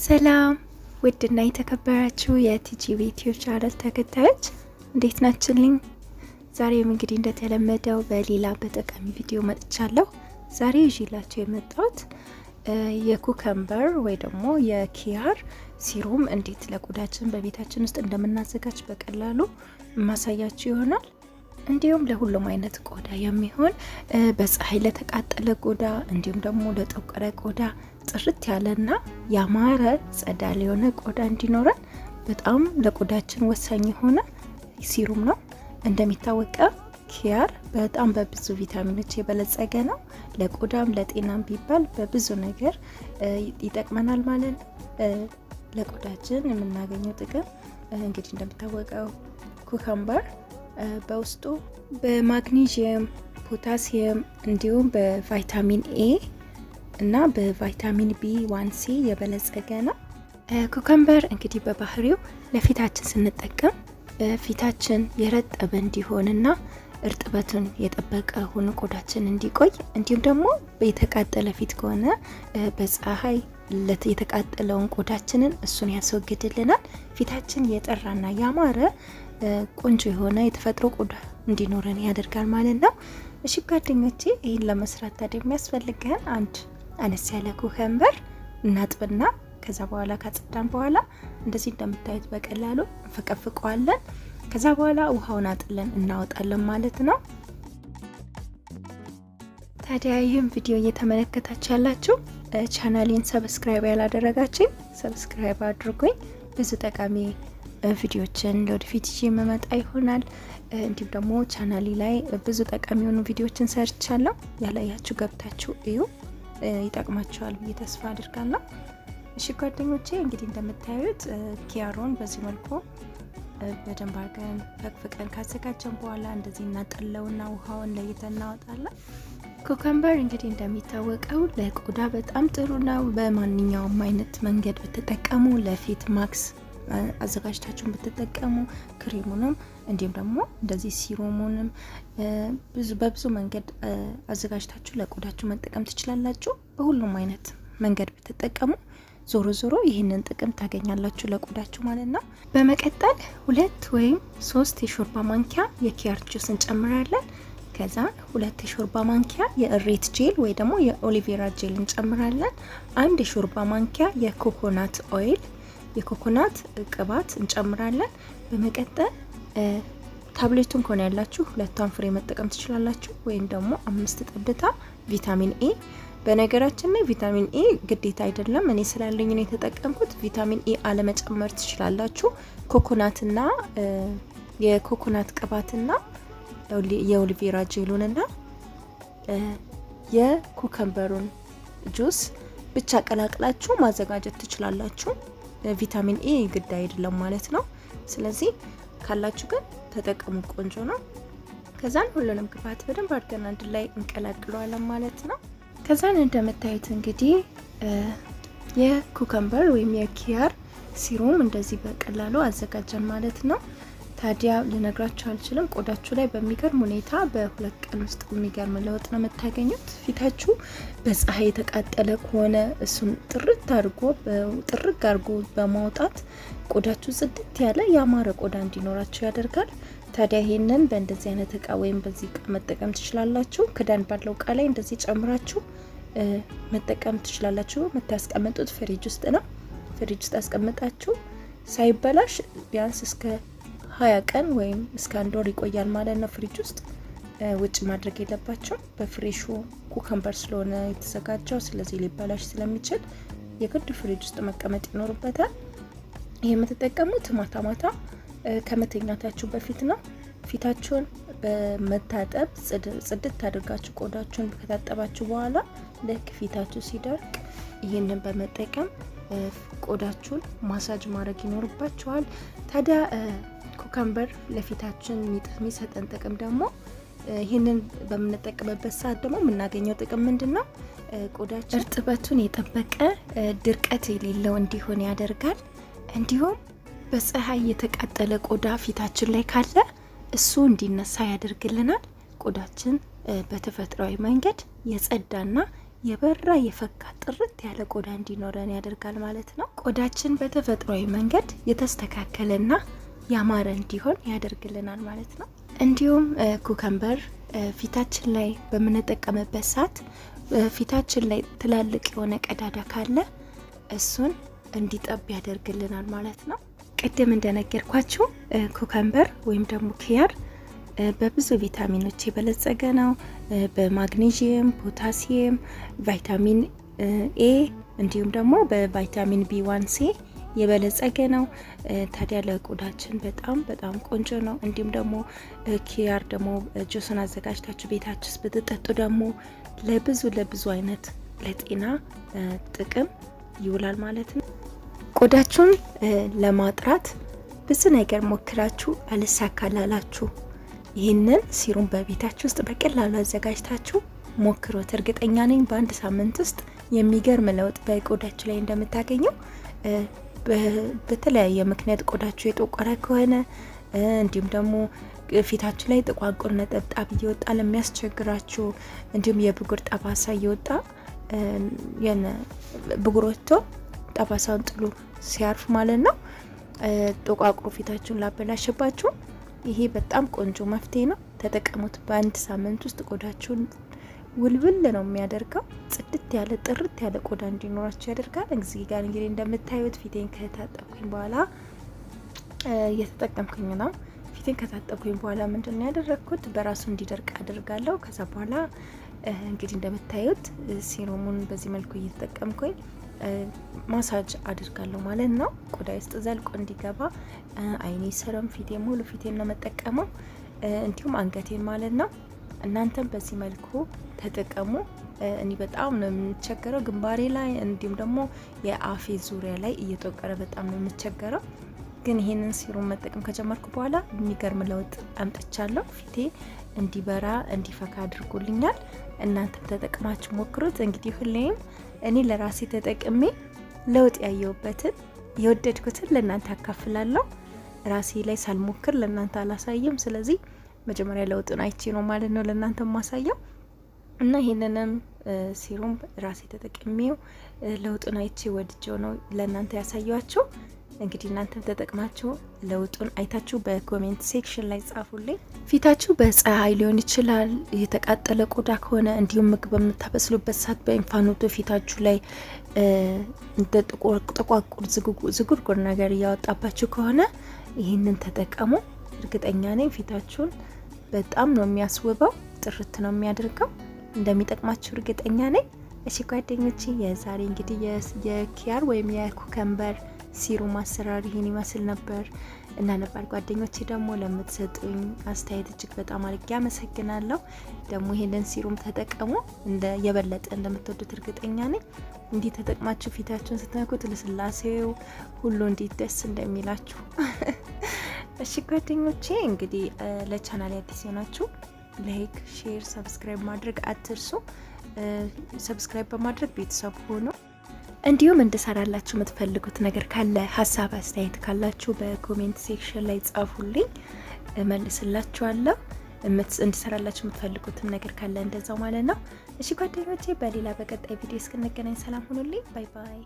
ሰላም ውድና የተከበራችሁ የቲጂ ዩቲዩብ ቻናል ተከታዮች እንዴት ናችሁልኝ? ዛሬም እንግዲህ እንደተለመደው በሌላ በጠቃሚ ቪዲዮ መጥቻለሁ። ዛሬ ይዤላችሁ የመጣሁት የኩከምበር ወይ ደግሞ የኪያር ሲሩም እንዴት ለቆዳችን በቤታችን ውስጥ እንደምናዘጋጅ በቀላሉ ማሳያችሁ ይሆናል። እንዲሁም ለሁሉም አይነት ቆዳ የሚሆን በፀሐይ ለተቃጠለ ቆዳ እንዲሁም ደግሞ ለጠቆረ ቆዳ ጥርት ያለና ያማረ ጸዳል የሆነ ቆዳ እንዲኖረን በጣም ለቆዳችን ወሳኝ የሆነ ሲሩም ነው። እንደሚታወቀው ኪያር በጣም በብዙ ቪታሚኖች የበለጸገ ነው። ለቆዳም ለጤናም ቢባል በብዙ ነገር ይጠቅመናል ማለት ነው። ለቆዳችን የምናገኘው ጥቅም እንግዲህ እንደሚታወቀው ኩከምበር በውስጡ በማግኒዥየም ፖታሲየም እንዲሁም በቫይታሚን ኤ እና በቫይታሚን ቢ ዋን ሲ የበለጸገ ነው። ኩከምበር እንግዲህ በባህሪው ለፊታችን ስንጠቀም ፊታችን የረጠበ እንዲሆንና እርጥበቱን የጠበቀ ሆኖ ቆዳችን እንዲቆይ እንዲሁም ደግሞ የተቃጠለ ፊት ከሆነ በፀሐይ የተቃጠለውን ቆዳችንን እሱን ያስወግድልናል። ፊታችን የጠራና ያማረ ቆንጆ የሆነ የተፈጥሮ ቆዳ እንዲኖረን ያደርጋል ማለት ነው። እሺ ጓደኞቼ፣ ይህን ለመስራት ታዲያ የሚያስፈልገን አንድ አነስ ያለ ኩከምበር እናጥብና ከዛ በኋላ ካጸዳን በኋላ እንደዚህ እንደምታዩት በቀላሉ እንፈቀፍቀዋለን። ከዛ በኋላ ውሃውን አጥለን እናወጣለን ማለት ነው። ታዲያ ይህም ቪዲዮ እየተመለከታችሁ ያላችሁ ቻናሌን ሰብስክራይብ ያላደረጋችኝ ሰብስክራይብ አድርጉኝ። ብዙ ጠቃሚ ቪዲዮችን ለወደፊት ይዤ መመጣ ይሆናል። እንዲሁም ደግሞ ቻናሌ ላይ ብዙ ጠቃሚ የሆኑ ቪዲዮችን ሰርቻለሁ። ያላያችሁ ገብታችሁ እዩ። ይጠቅማቸዋል ብዬ ተስፋ አድርጋለሁ። እሺ ጓደኞቼ እንግዲህ እንደምታዩት ኪያሮን በዚህ መልኩ በደንብ አድርገን ፈቅፍቀን ካዘጋጀን በኋላ እንደዚህ እናጠለውና ውሃውን ለይተን እናወጣለን። ኮከምበር እንግዲህ እንደሚታወቀው ለቆዳ በጣም ጥሩ ነው። በማንኛውም አይነት መንገድ ብትጠቀሙ ለፊት ማክስ አዘጋጅታችሁን ብትጠቀሙ ክሬሙንም እንዲሁም ደግሞ እንደዚህ ሲሮሙንም ብዙ በብዙ መንገድ አዘጋጅታችሁ ለቆዳችሁ መጠቀም ትችላላችሁ። በሁሉም አይነት መንገድ ብትጠቀሙ ዞሮ ዞሮ ይህንን ጥቅም ታገኛላችሁ ለቆዳችሁ ማለት ነው። በመቀጠል ሁለት ወይም ሶስት የሾርባ ማንኪያ የኪያር ጁስ እንጨምራለን። ከዛ ሁለት የሾርባ ማንኪያ የእሬት ጄል ወይ ደግሞ የኦሊቬራ ጄል እንጨምራለን። አንድ የሾርባ ማንኪያ የኮኮናት ኦይል የኮኮናት ቅባት እንጨምራለን። በመቀጠል ታብሌቱን ከሆነ ያላችሁ ሁለቷን ፍሬ መጠቀም ትችላላችሁ፣ ወይም ደግሞ አምስት ጠብታ ቪታሚን ኤ በነገራችን ላይ ቪታሚን ኤ ግዴታ አይደለም። እኔ ስላለኝ ነው የተጠቀምኩት። ቪታሚን ኤ አለመጨመር ትችላላችሁ። ኮኮናትና የኮኮናት ቅባትና የኦሊቬራ ጄሉንና የኩከምበሩን ጁስ ብቻ ቀላቅላችሁ ማዘጋጀት ትችላላችሁ። ቪታሚን ኤ ግድ አይደለም ማለት ነው። ስለዚህ ካላችሁ ግን ተጠቀሙ፣ ቆንጆ ነው። ከዛን ሁሉንም ግብአት በደንብ አድርገን አንድ ላይ እንቀላቅለዋለን ማለት ነው። ከዛን እንደምታዩት እንግዲህ የኩከምበር ወይም የኪያር ሲሩም እንደዚህ በቀላሉ አዘጋጀን ማለት ነው። ታዲያ ልነግራችሁ አልችልም። ቆዳችሁ ላይ በሚገርም ሁኔታ በሁለት ቀን ውስጥ የሚገርም ለውጥ ነው የምታገኙት። ፊታችሁ በፀሐይ የተቃጠለ ከሆነ እሱን ጥርት አድርጎ ጥርግ አድርጎ በማውጣት ቆዳችሁ ጽድት ያለ ያማረ ቆዳ እንዲኖራችሁ ያደርጋል። ታዲያ ይህንን በእንደዚህ አይነት እቃ ወይም በዚህ እቃ መጠቀም ትችላላችሁ። ክዳን ባለው እቃ ላይ እንደዚህ ጨምራችሁ መጠቀም ትችላላችሁ። የምታስቀምጡት ፍሪጅ ውስጥ ነው። ፍሪጅ ውስጥ አስቀምጣችሁ ሳይበላሽ ቢያንስ እስከ ሀያ ቀን ወይም እስከ አንድ ወር ይቆያል ማለት ነው ፍሪጅ ውስጥ። ውጭ ማድረግ የለባቸው በፍሬሹ ኩከምበር ስለሆነ የተዘጋጀው፣ ስለዚህ ሊበላሽ ስለሚችል የግድ ፍሪጅ ውስጥ መቀመጥ ይኖርበታል። ይህ የምትጠቀሙት ማታ ማታ ከመተኛታችሁ በፊት ነው። ፊታችሁን በመታጠብ ጽድት ታደርጋችሁ ቆዳችሁን ከታጠባችሁ በኋላ ልክ ፊታችሁ ሲደርቅ ይህንን በመጠቀም ቆዳችሁን ማሳጅ ማድረግ ይኖርባችኋል። ታዲያ ኩከምበር ለፊታችን የሚሰጠን ጥቅም ደግሞ ይህንን በምንጠቀምበት ሰዓት ደግሞ የምናገኘው ጥቅም ምንድን ነው? ቆዳችን እርጥበቱን የጠበቀ ድርቀት የሌለው እንዲሆን ያደርጋል። እንዲሁም በፀሐይ የተቃጠለ ቆዳ ፊታችን ላይ ካለ እሱ እንዲነሳ ያደርግልናል። ቆዳችን በተፈጥሯዊ መንገድ የጸዳና የበራ የፈካ ጥርት ያለ ቆዳ እንዲኖረን ያደርጋል ማለት ነው። ቆዳችን በተፈጥሯዊ መንገድ የተስተካከለና ያማረ እንዲሆን ያደርግልናል ማለት ነው። እንዲሁም ኩከምበር ፊታችን ላይ በምንጠቀምበት ሰዓት ፊታችን ላይ ትላልቅ የሆነ ቀዳዳ ካለ እሱን እንዲጠብ ያደርግልናል ማለት ነው። ቅድም እንደነገርኳችሁ ኩከምበር ወይም ደግሞ ኪያር በብዙ ቪታሚኖች የበለጸገ ነው። በማግኔዥየም፣ ፖታሲየም፣ ቫይታሚን ኤ እንዲሁም ደግሞ በቫይታሚን ቢ ዋን ሲ የበለጸገ ነው። ታዲያ ለቆዳችን በጣም በጣም ቆንጆ ነው። እንዲሁም ደግሞ ኪያር ደግሞ ጁሱን አዘጋጅታችሁ ቤታችሁስ ብትጠጡ ደግሞ ለብዙ ለብዙ አይነት ለጤና ጥቅም ይውላል ማለት ነው። ቆዳችሁን ለማጥራት ብዙ ነገር ሞክራችሁ አልሳካላላችሁ። ይህንን ሲሩም በቤታችሁ ውስጥ በቀላሉ አዘጋጅታችሁ ሞክሮት እርግጠኛ ነኝ በአንድ ሳምንት ውስጥ የሚገርም ለውጥ በቆዳችሁ ላይ እንደምታገኘው በተለያየ ምክንያት ቆዳችሁ የጠቆረ ከሆነ እንዲሁም ደግሞ ፊታችሁ ላይ ጥቋቁር ነጠብጣብ እየወጣ ለሚያስቸግራችሁ እንዲሁም የብጉር ጠባሳ እየወጣ የነ ብጉር ወጥቶ ጠባሳውን ጥሎ ሲያርፍ ማለት ነው ጥቋቁሩ ፊታችሁን ላበላሸባችሁ ይሄ በጣም ቆንጆ መፍትሄ ነው። ተጠቀሙት። በአንድ ሳምንት ውስጥ ቆዳችሁን ውልብል ነው የሚያደርገው። ጽድት ያለ ጥርት ያለ ቆዳ እንዲኖራቸው ያደርጋል። እዚህ ጋር እንግዲህ እንደምታዩት ፊቴን ከታጠብኩኝ በኋላ እየተጠቀምኩኝ ነው። ፊቴን ከታጠብኩኝ በኋላ ምንድን ነው ያደረግኩት በራሱ እንዲደርቅ አድርጋለሁ። ከዛ በኋላ እንግዲህ እንደምታዩት ሲሮሙን በዚህ መልኩ እየተጠቀምኩኝ ማሳጅ አድርጋለሁ ማለት ነው። ቆዳ ውስጥ ዘልቆ እንዲገባ አይኔ ሰረም ፊቴ ሙሉ ፊቴን ነው መጠቀመው፣ እንዲሁም አንገቴን ማለት ነው። እናንተም በዚህ መልኩ ተጠቀሙ። እኔ በጣም ነው የምቸገረው ግንባሬ ላይ እንዲሁም ደግሞ የአፌ ዙሪያ ላይ እየተወቀረ በጣም ነው የምቸገረው። ግን ይሄንን ሲሩም መጠቀም ከጀመርኩ በኋላ የሚገርም ለውጥ አምጥቻለሁ። ፊቴ እንዲበራ እንዲፈካ አድርጎልኛል። እናንተም ተጠቅማችሁ ሞክሩት። እንግዲህ ሁሌም እኔ ለራሴ ተጠቅሜ ለውጥ ያየሁበትን የወደድኩትን ለእናንተ አካፍላለሁ። ራሴ ላይ ሳልሞክር ለእናንተ አላሳይም። ስለዚህ መጀመሪያ ለውጡን አይቼ ነው ማለት ነው ለእናንተ ማሳየው እና ይህንንም ሲሩም ራሴ ተጠቅሜው ለውጡን አይቼ ወድጀው ነው ለእናንተ ያሳያችሁ። እንግዲህ እናንተም ተጠቅማችሁ ለውጡን አይታችሁ በኮሜንት ሴክሽን ላይ ጻፉልኝ። ፊታችሁ በፀሐይ ሊሆን ይችላል፣ የተቃጠለ ቆዳ ከሆነ እንዲሁም ምግብ በምታበስሉበት ሰዓት በእንፋሎቱ ፊታችሁ ላይ እንደ ጥቋቁር ዝጉርጉር ነገር እያወጣባችሁ ከሆነ ይህንን ተጠቀሙ። እርግጠኛ ነኝ ፊታችሁን በጣም ነው የሚያስውበው፣ ጥርት ነው የሚያደርገው። እንደሚጠቅማችሁ እርግጠኛ ነኝ። እሺ ጓደኞች የዛሬ እንግዲህ የኪያር ወይም የኩከምበር ሲሩም አሰራር ይህን ይመስል ነበር እና ነባር ጓደኞቼ ደግሞ ለምትሰጡኝ አስተያየት እጅግ በጣም አድርጌ አመሰግናለሁ። ደግሞ ይህንን ሲሩም ተጠቀሙ፣ የበለጠ እንደምትወዱት እርግጠኛ ነኝ። እንዲህ ተጠቅማችሁ ፊታችሁን ስትነኩት ልስላሴው ሁሉ እንዴት ደስ እንደሚላችሁ እሺ ጓደኞቼ እንግዲህ ለቻናል አዲስ የሆናችሁ ላይክ፣ ሼር፣ ሰብስክራይብ ማድረግ አትርሱ። ሰብስክራይብ በማድረግ ቤተሰብ ሆኖ እንዲሁም እንድሰራላችሁ የምትፈልጉት ነገር ካለ ሀሳብ አስተያየት ካላችሁ በኮሜንት ሴክሽን ላይ ጻፉልኝ፣ እመልስላችኋለሁ። እንድሰራላችሁ የምትፈልጉትም ነገር ካለ እንደዛው ማለት ነው። እሺ ጓደኞቼ በሌላ በቀጣይ ቪዲዮ እስክንገናኝ ሰላም ሁኑልኝ። ባይ ባይ።